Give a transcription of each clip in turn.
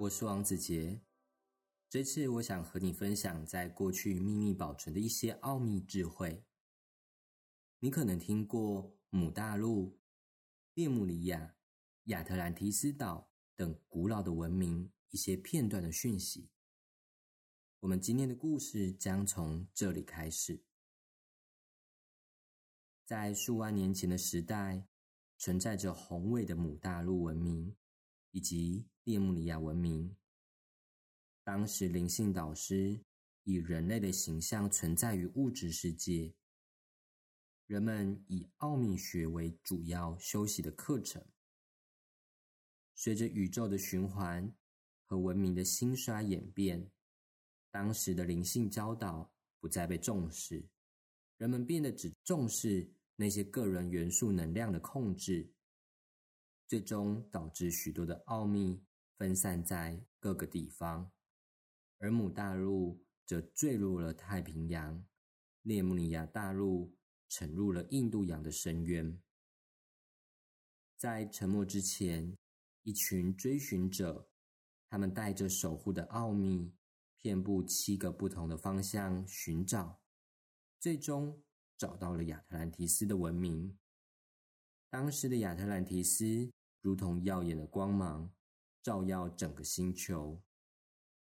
我是王子杰，這次我想和你分享在過去秘密保存的一些奧秘智慧。你可能聽過姆大陸、列穆里亞、亞特蘭提斯島等古老的文明一些片段的訊息。我們今天的故事將從這裡開始。在數萬年前的時代，存在着宏偉的姆大陸文明。以及列穆里亞文明，當時靈性導師以人類的形象存在於物質世界，人們以奧秘學為主要修習的課程。隨着宇宙的循環和文明的興衰演變，當時的靈性教導不再被重視，人們變得只重視那些個人元素能量的控制。最終導致許多的奧秘分散在各個地方，而姆大陸則墜入了太平洋，列穆里亞大陸沉入了印度洋的深淵。在沉沒之前，一群追尋者，他們帶着守護的奧秘，遍布七個不同的方向尋找，最終找到了亞特蘭提斯的文明。當時的亞特蘭提斯。如同耀眼的光芒，照耀整個星球。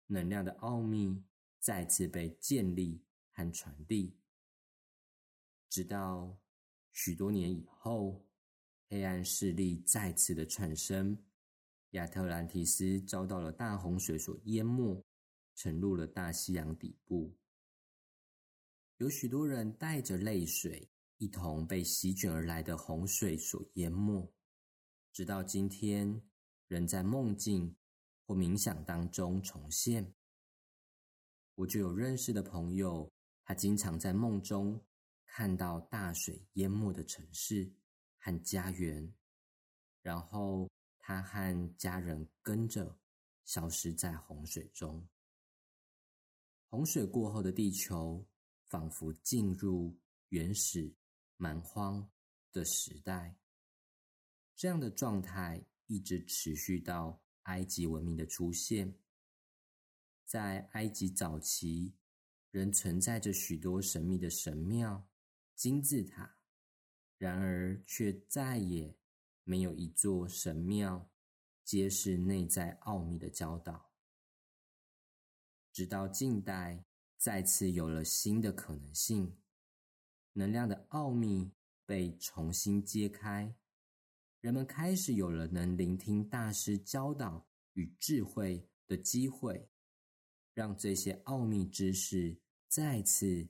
能量的奧秘再次被建立和傳遞，直到許多年以後，黑暗勢力再次的產生。亞特蘭提斯遭到了大洪水所淹沒，沉入了大西洋底部。有許多人帶着淚水，一同被席捲而來的洪水所淹沒。直到今天，仍在夢境或冥想當中重現。我就有認識的朋友，他經常在夢中看到大水淹沒的城市和家園，然後他和家人跟着消失在洪水中。洪水過後的地球，仿佛進入原始蠻荒的時代。這樣的狀態一直持續到埃及文明的出現。在埃及早期，仍存在着許多神秘的神廟、金字塔，然而卻再也沒有一座神廟揭示內在奧秘的教導。直到近代，再次有了新的可能性，能量的奧秘被重新揭開。人們開始有了能聆聽大師教導與智慧的機會，讓這些奧秘知識再次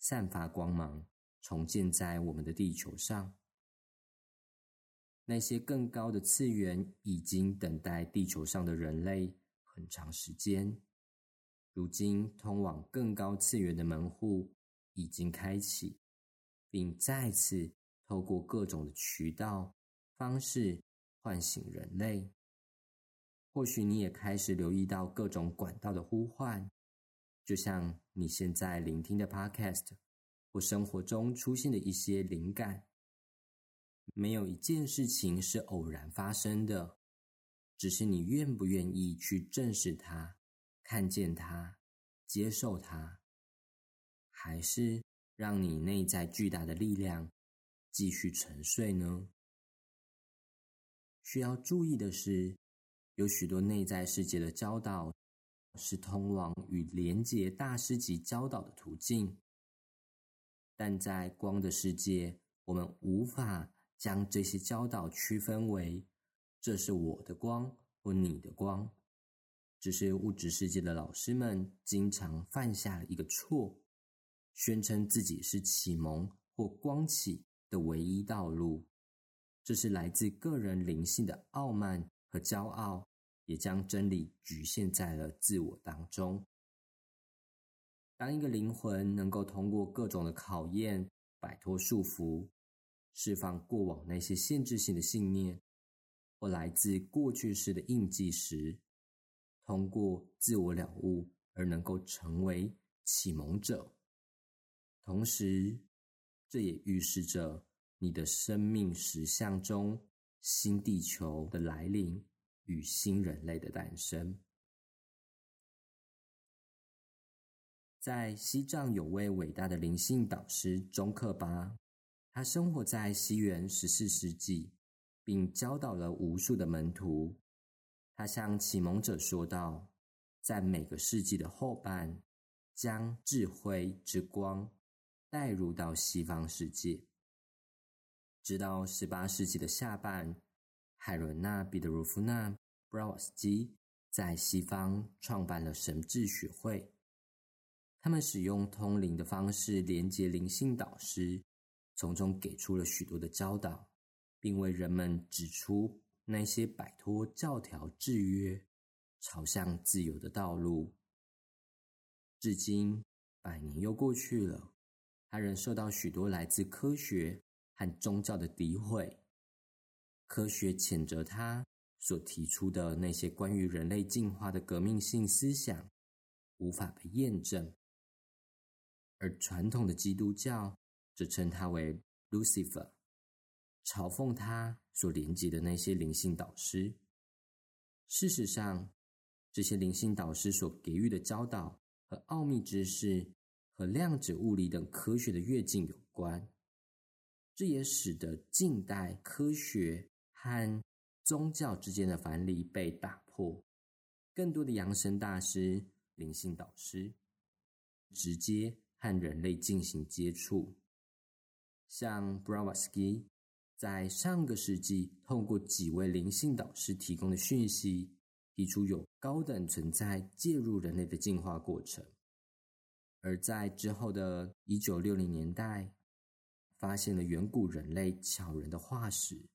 散發光芒，重建在我們的地球上。那些更高的次元已經等待地球上的人類很長時間，如今通往更高次元的門戶已經開啟，並再次透過各種的渠道。方式喚醒人類，或許你也開始留意到各種管道的呼喚，就像你現在聆聽的 podcast 或生活中出現的一些靈感。沒有一件事情是偶然發生的，只是你願不願意去正視它、看見它、接受它，還是讓你內在巨大的力量繼續沉睡呢？需要注意的是，有許多內在世界的教導是通往與連接大師級教導的途徑，但在光的世界，我們無法將這些教導區分為這是我的光或你的光。只是物質世界的老師們經常犯下一個錯，宣稱自己是啟蒙或光啟的唯一道路。這是來自個人靈性的傲慢和驕傲，也將真理局限在了自我當中。當一個靈魂能夠通過各種的考驗，擺脫束縛，釋放過往那些限制性的信念或來自過去式的印記時，通過自我了悟而能夠成為啟蒙者。同時，這也預示着，你的生命實相中，新地球的來臨與新人類的誕生。在西藏有位偉大的靈性導師宗喀巴，他生活在西元十四世紀，並教導了無數的門徒。他向啟蒙者說道：在每個世紀的後半，將智慧之光帶入到西方世界。直到十八世紀的下半，海倫娜·彼得羅夫娜·布拉瓦斯基在西方創辦了神智學會。他們使用通靈的方式連接靈性導師，從中給出了許多的教導，並為人們指出那些擺脫教條制約、朝向自由的道路。至今，百年又過去了，他仍受到許多來自科學，和宗教的詆毀，科學譴責他所提出的那些關於人類進化的革命性思想無法被驗證，而傳統的基督教則稱他為 Lucifer，嘲諷他所連接的那些靈性導師。事實上，這些靈性導師所給予的教導和奧秘知識，和量子物理等科學的躍進有關。這也使得近代科學和宗教之間的藩籬被打破，更多的揚升大師、靈性導師直接和人類進行接觸。像 Blavatsky 在上個世紀，透過幾位靈性導師提供的訊息，提出有高等存在介入人類的進化過程，而在之後的一九六零年代，發現了遠古人類巧人的化石。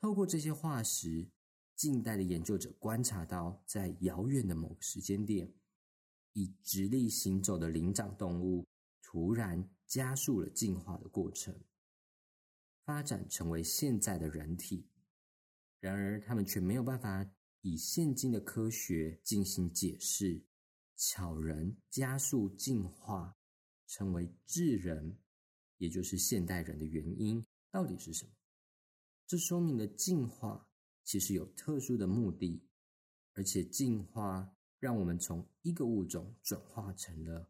透過這些化石，近代的研究者觀察到，在遙遠的某個時間點，以直立行走的靈長動物突然加速了進化的過程，發展成為現在的人體。然而，他們卻沒有辦法以現今的科學進行解釋：巧人加速進化成為智人。也就是現代人的原因到底是什麼？這說明了進化其實有特殊的目的，而且進化讓我們從一個物種轉化成了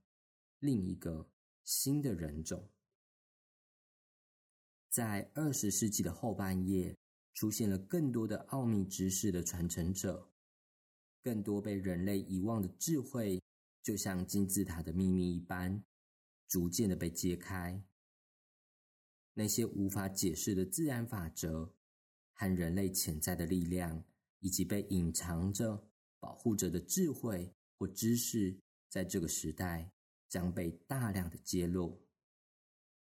另一個新的人種。在二十世紀的後半葉，出現了更多的奧秘知識的傳承者，更多被人類遺忘的智慧，就像金字塔的秘密一般，逐漸的被揭開。那些無法解釋的自然法則和人類潛在的力量，以及被隱藏着、保護着的智慧或知識，在這個時代將被大量的揭露。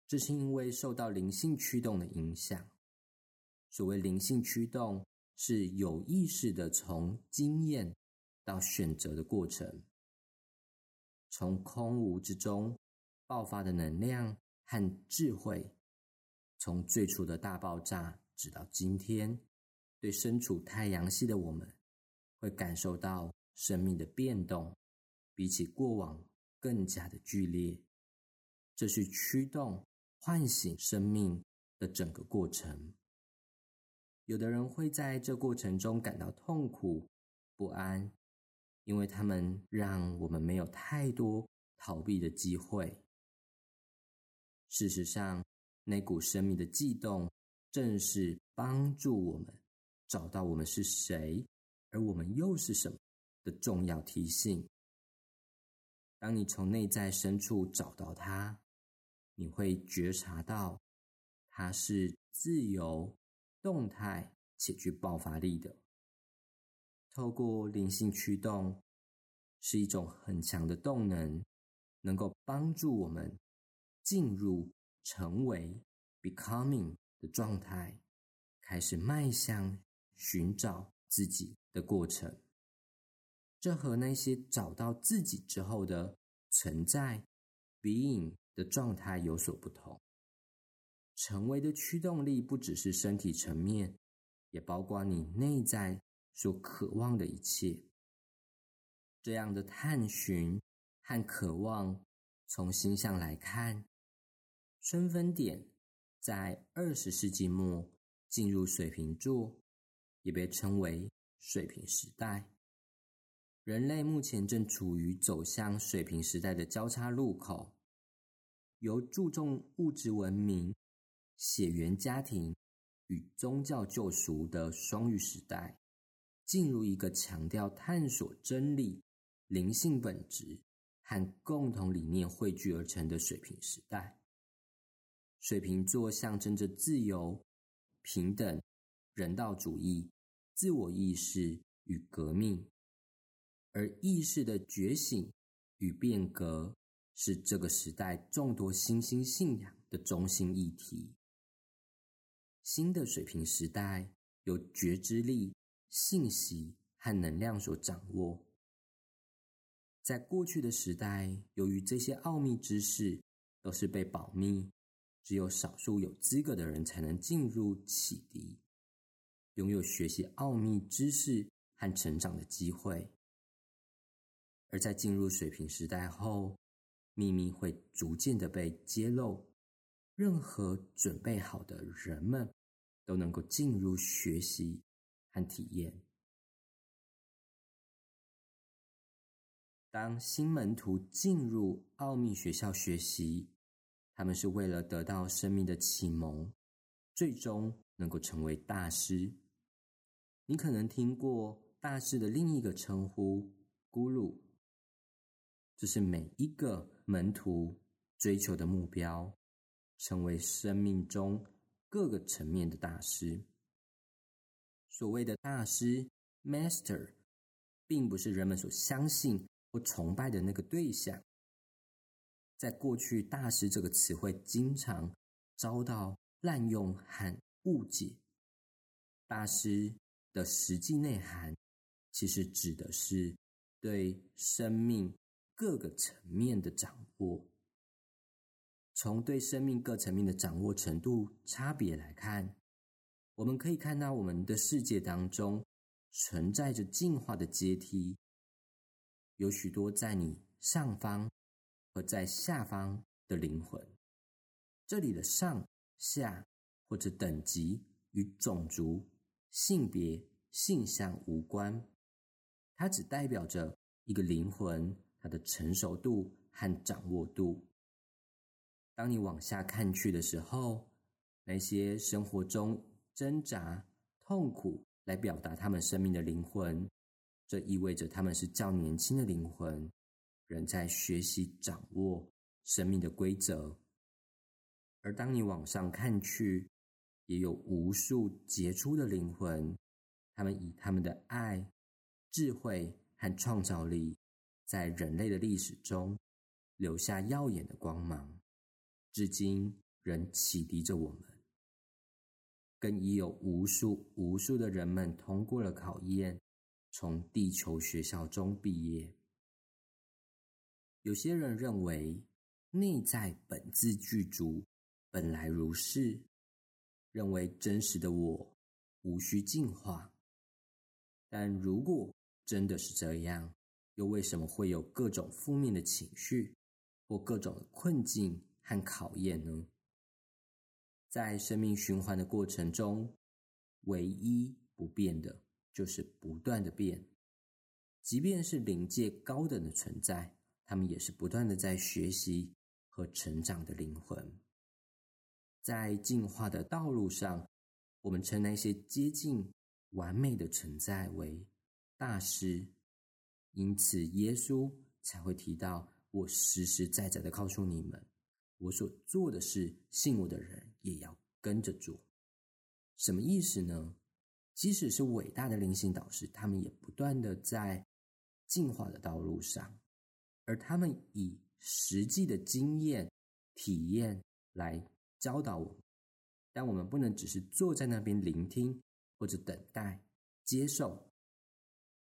這是因為受到靈性驅動的影響。所謂靈性驅動，是有意識的從經驗到選擇的過程，從空無之中爆發的能量和智慧。從最初的大爆炸直到今天，對身處太陽系的我們，會感受到生命的變動，比起過往更加的劇烈。這是驅動喚醒生命的整個過程。有的人會在這過程中感到痛苦，不安，因為他們讓我們沒有太多逃避的機會。事實上。那股神秘的悸動，正是幫助我們找到我們是誰，而我們又是什麼的重要提醒。當你從內在深處找到它，你會覺察到它是自由、動態且具爆發力的。透過靈性驅動，是一種很強的動能，能夠幫助我們進入。成為 （becoming） 的狀態，開始邁向尋找自己的過程。這和那些找到自己之後的存在 （being） 的狀態有所不同。成為的驅動力不只是身體層面，也包括你內在所渴望的一切。這樣的探尋和渴望，從形象來看。春分點在二十世紀末進入水瓶座，也被稱為“水瓶時代”。人類目前正處於走向水瓶時代的交叉路口，由注重物質文明、血緣家庭與宗教救贖的雙魚時代，進入一個強調探索真理、靈性本質和共同理念匯聚而成的水瓶時代。水瓶座象徵着自由、平等、人道主義、自我意識與革命，而意識的覺醒與變革是這個時代眾多新興信仰的中心議題。新的水瓶時代由覺知力、信息、和能量所掌握。在過去的時代，由於這些奧秘知識都是被保密，只有少數有資格的人才能進入啟迪，擁有學習奧秘知識和成長的機會。而在進入水瓶時代後，秘密會逐漸的被揭露，任何準備好的人們都能夠進入學習和體驗。當新門徒進入奧秘學校學習，他們是為了得到生命的啟蒙，最終能夠成為大師。你可能聽過大師的另一個稱呼—— guru，這是每一個門徒追求的目標，成為生命中各個層面的大師。所謂的大師 （master） 並不是人們所相信或崇拜的那個對象。在過去，“大師”這個詞彙經常遭到濫用和誤解。大師的實際內涵，其實指的是對生命各個層面的掌握。從對生命各層面的掌握程度差別來看，我們可以看到我們的世界當中存在着進化的階梯，有許多在你上方。和在下方的靈魂，這裡的上下或者等級與種族、性別、性向無關，它只代表着一個靈魂它的成熟度和掌握度。當你往下看去的時候，那些生活中掙扎、痛苦來表達他們生命的靈魂，這意味着他們是較年輕的靈魂。人在學習掌握生命的規則，而當你往上看去，也有無數傑出的靈魂，他們以他們的愛、智慧和創造力，在人類的歷史中留下耀眼的光芒，至今仍啟迪着我們。更已有無數無數的人們通過了考驗，從地球學校中畢業。有些人認為內在本自具足，本來如是，認為真實的我無需進化。但如果真的是這樣，又為什麼會有各種負面的情緒，或各種的困境和考驗呢？在生命循環的過程中，唯一不變的就是不斷的變，即便是靈界高等的存在。他們也是不斷的在學習和成長的靈魂，在進化的道路上，我們稱那些接近完美的存在為大師。因此，耶穌才會提到：“我實實在在的告訴你們，我所做的事，信我的人也要跟着做。”什麼意思呢？即使是偉大的靈性導師，他們也不斷的在進化的道路上。而他們以實際的經驗、體驗來教導我們，但我們不能只是坐在那邊聆聽或者等待接受，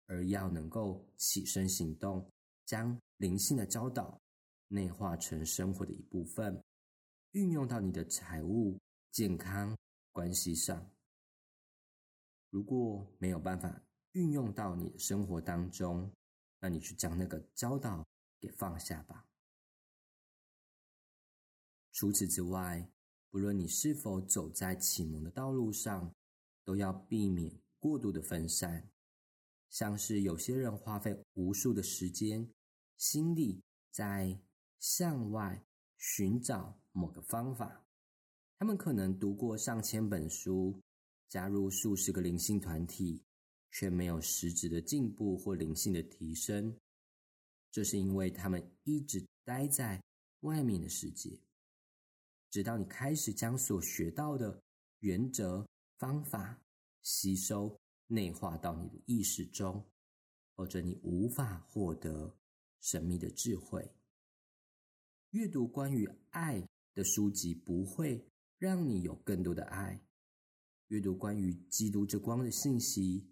而要能夠起身行動，將靈性的教導內化成生活的一部分，運用到你的財務、健康、關係上。如果沒有辦法運用到你的生活當中，那你去將那個教導。也放下吧。除此之外，不論你是否走在啟蒙的道路上，都要避免過度的分散。像是有些人花費無數的時間、心力，在向外尋找某個方法。他們可能讀過上千本書，加入數十個靈性團體，卻沒有實質的進步或靈性的提升。這是因為他們一直待在外面的世界，直到你開始將所學到的原則、方法吸收、內化到你的意識中，或者你無法獲得神祕的智慧。閱讀關於愛的書籍不會讓你有更多的愛，閱讀關於基督之光的信息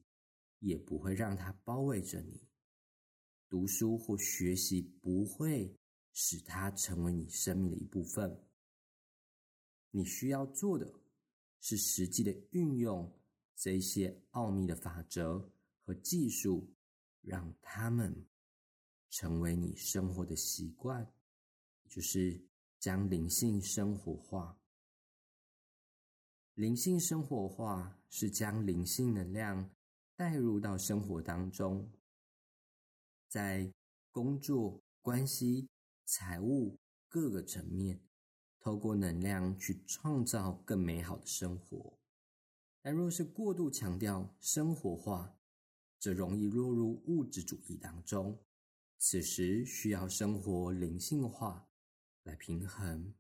也不會讓它包圍着你。讀書或學習不會使它成為你生命的一部分。你需要做的是實際的運用這些奧秘的法則和技術，讓他們成為你生活的習慣，就是將靈性生活化。靈性生活化是將靈性能量帶入到生活當中。在工作、關係、財務各個層面，透過能量去創造更美好的生活。但若是過度強調生活化，則容易落入物質主義當中。此時需要生活靈性化來平衡。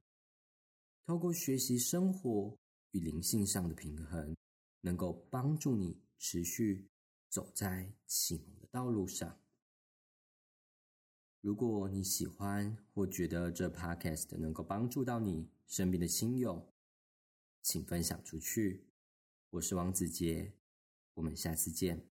透過學習生活與靈性上的平衡，能夠幫助你持續走在啟蒙的道路上。如果你喜歡或覺得這 podcast 能夠幫助到你身邊的親友，請分享出去。我是王子杰，我們下次見。